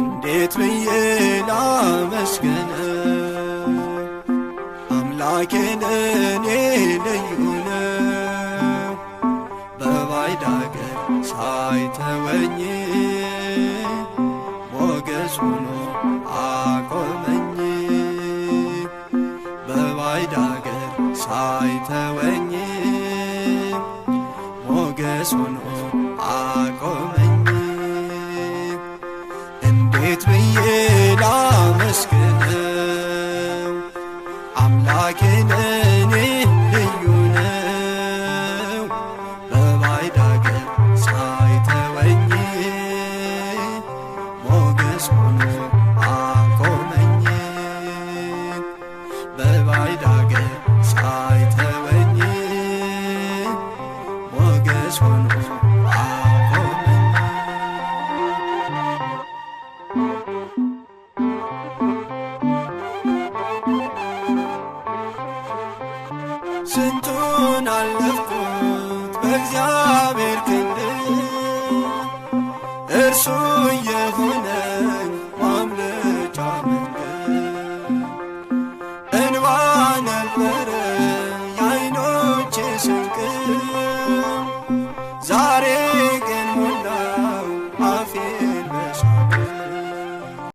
እንዴት ብዬ ላመስግን አምላኬን እኔ ልዩነ በባዕድ ሳይተወኝ ሞገስ ሆኖ አቆመኝ በባይዳገር ሳይተወኝ ሞገስ ሆኖ አቆመኝ እንዴት ብዬ ላመስግነው አምላኬን? እኔ ልዩ ነው በባዕድ ሳይተወኝ ሞገስ ሆኖ አቆመኝ በባዕድ ሳይተወኝ ሞገስ ሆኖ ስንቱን አለፍኩት በእግዚአብሔር ክንድ እርሱ የሆነ ማምለጫ መንገድ እንባ ነበረ የዓይኖቼ ስንቅ ዛሬ ግን ሞላው አፌን